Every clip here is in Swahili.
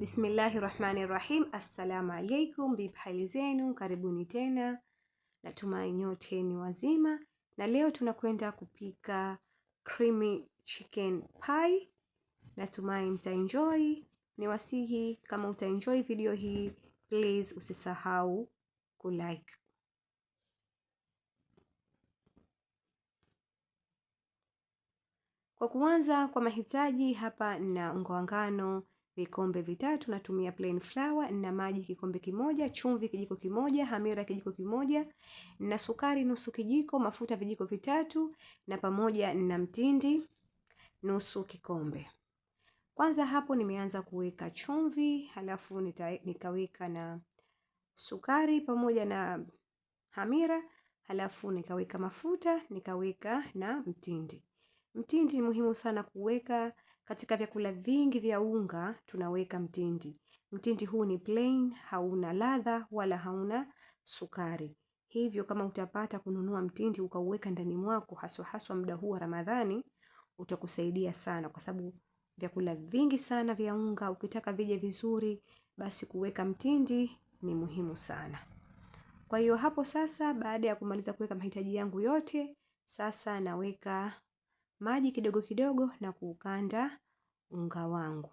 Bismillahi rahmani rahim. Assalamu alaikum hali zenu, karibuni tena, natumai nyote ni wazima, na leo tunakwenda kupika creamy chicken pie. Natumai mtaenjoy, ni wasihi kama utaenjoy video hii, please usisahau kulike. Kwa kuanza, kwa mahitaji hapa na unga wa ngano vikombe vitatu. Natumia plain flour na maji kikombe kimoja, chumvi kijiko kimoja, hamira kijiko kimoja, na sukari nusu kijiko, mafuta vijiko vitatu, na pamoja na mtindi nusu kikombe. Kwanza hapo nimeanza kuweka chumvi, halafu nita, nikaweka na sukari pamoja na hamira, halafu nikaweka mafuta, nikaweka na mtindi. Mtindi ni muhimu sana kuweka katika vyakula vingi vya unga tunaweka mtindi. Mtindi huu ni plain, hauna ladha wala hauna sukari. Hivyo kama utapata kununua mtindi ukauweka ndani mwako, haswa haswa muda huu wa Ramadhani, utakusaidia sana, kwa sababu vyakula vingi sana vya unga ukitaka vije vizuri, basi kuweka mtindi ni muhimu sana. Kwa hiyo hapo sasa, baada ya kumaliza kuweka mahitaji yangu yote, sasa naweka maji kidogo kidogo na kuukanda unga wangu.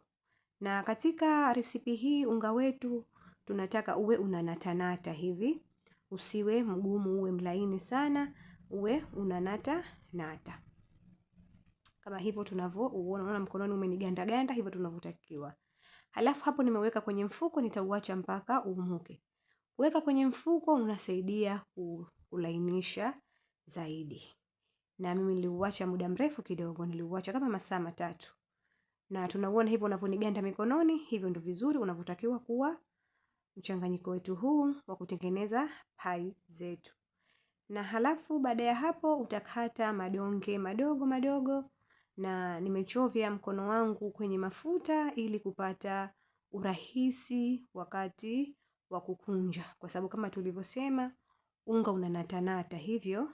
Na katika resipi hii unga wetu tunataka uwe unanatanata hivi, usiwe mgumu, uwe mlaini sana, uwe unanatanata kama hivyo tunavyoona. Unaona mkononi ganda hivyo tunavyotakiwa. Halafu hapo nimeweka kwenye mfuko, nitauacha mpaka uumuke. Weka kwenye mfuko, unasaidia kulainisha zaidi na mimi niliuacha muda mrefu kidogo, niliuacha kama masaa matatu. Na tunauona hivyo unavyoniganda mikononi, hivyo ndio vizuri unavyotakiwa kuwa mchanganyiko wetu huu wa kutengeneza pai zetu. Na halafu baada ya hapo utakata madonge madogo madogo, na nimechovya mkono wangu kwenye mafuta ili kupata urahisi wakati wa kukunja, kwa sababu kama tulivyosema unga unanatanata hivyo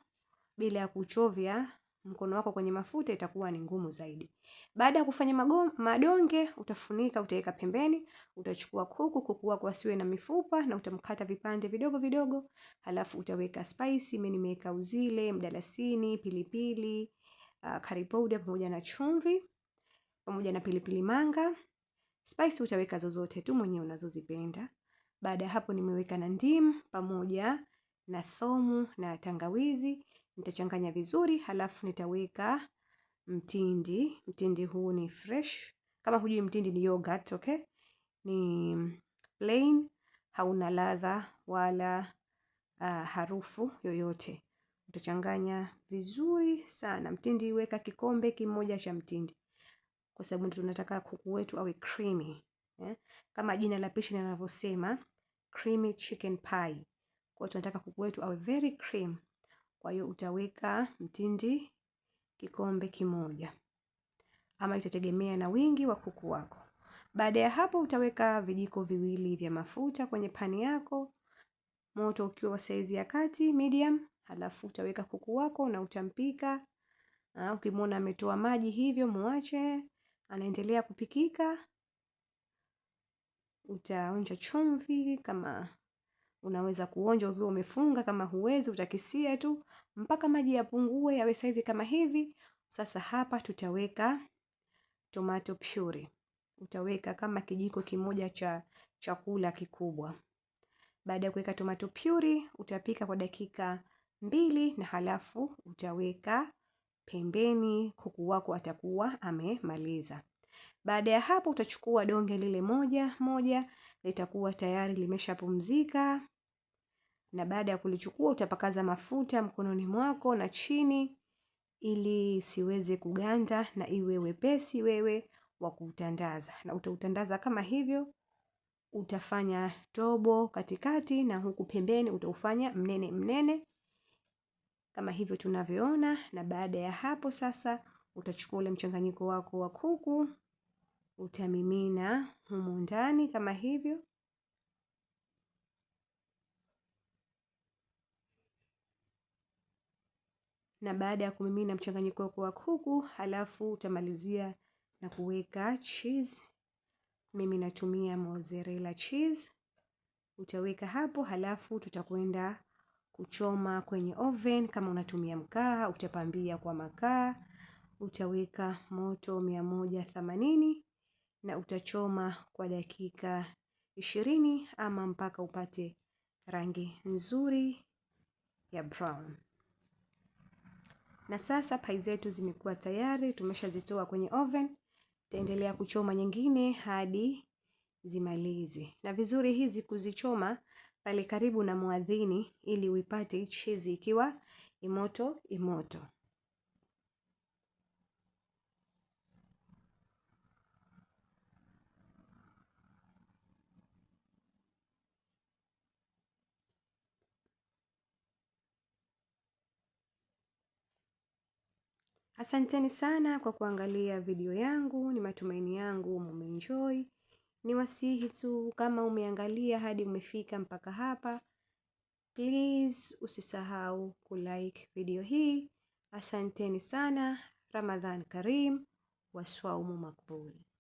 bila ya kuchovya mkono wako kwenye mafuta itakuwa ni ngumu zaidi. Baada ya kufanya madonge utafunika, utaweka pembeni. Utachukua kuku, kuku wako asiwe na mifupa, na utamkata vipande vidogo vidogo, halafu utaweka spice. Mimi nimeweka uzile, mdalasini, pilipili, uh, curry powder pamoja na chumvi pamoja na pilipili manga. Spice utaweka zozote tu mwenye unazozipenda. Baada ya hapo, nimeweka na ndimu pamoja na thomu na tangawizi Nitachanganya vizuri, halafu nitaweka mtindi. Mtindi huu ni fresh, kama hujui mtindi ni yogurt, okay? Ni mm, plain, hauna ladha wala uh, harufu yoyote. Utachanganya vizuri sana mtindi, weka kikombe kimoja cha mtindi kwa sababu tunataka kuku wetu awe creamy eh? Kama jina la pishi linavyosema creamy chicken pie. Kwa tunataka kuku wetu awe very cream. Kwa hiyo utaweka mtindi kikombe kimoja ama itategemea na wingi wa kuku wako. Baada ya hapo utaweka vijiko viwili vya mafuta kwenye pani yako, moto ukiwa wa saizi ya kati medium, halafu utaweka kuku wako na utampika. Ukimwona ametoa maji hivyo muache, anaendelea kupikika. Utaonja chumvi kama Unaweza kuonja ukiwa umefunga, kama huwezi utakisia tu mpaka maji yapungue, yawe saizi kama hivi. Sasa hapa tutaweka tomato puree, utaweka kama kijiko kimoja cha chakula kikubwa. Baada ya kuweka tomato puree, utapika kwa dakika mbili na halafu utaweka pembeni. Kuku wako atakuwa amemaliza. Baada ya hapo, utachukua donge lile moja moja, litakuwa tayari limeshapumzika na baada ya kulichukua utapakaza mafuta mkononi mwako na chini, ili siweze kuganda na iwe wepesi wewe wa kuutandaza, na utautandaza kama hivyo. Utafanya tobo katikati na huku pembeni utaufanya mnene mnene kama hivyo tunavyoona. Na baada ya hapo sasa, utachukua ule mchanganyiko wako wa kuku utamimina humu ndani kama hivyo. na baada ya kumimina mchanganyiko wako wa kuku, halafu utamalizia na kuweka cheese. Mimi natumia mozzarella cheese, utaweka hapo, halafu tutakwenda kuchoma kwenye oven. Kama unatumia mkaa, utapambia kwa makaa, utaweka moto mia moja themanini na utachoma kwa dakika ishirini ama mpaka upate rangi nzuri ya brown. Na sasa pai zetu zimekuwa tayari, tumeshazitoa kwenye oven. Taendelea kuchoma nyingine hadi zimalize. Na vizuri hizi kuzichoma pale karibu na mwadhini, ili uipate chizi ikiwa imoto imoto. Asanteni sana kwa kuangalia video yangu, ni matumaini yangu mumeenjoy. Ni wasihi tu kama umeangalia hadi umefika mpaka hapa. Please usisahau kulike video hii. Asanteni sana. Ramadhan Karim. Waswaumu makbuli.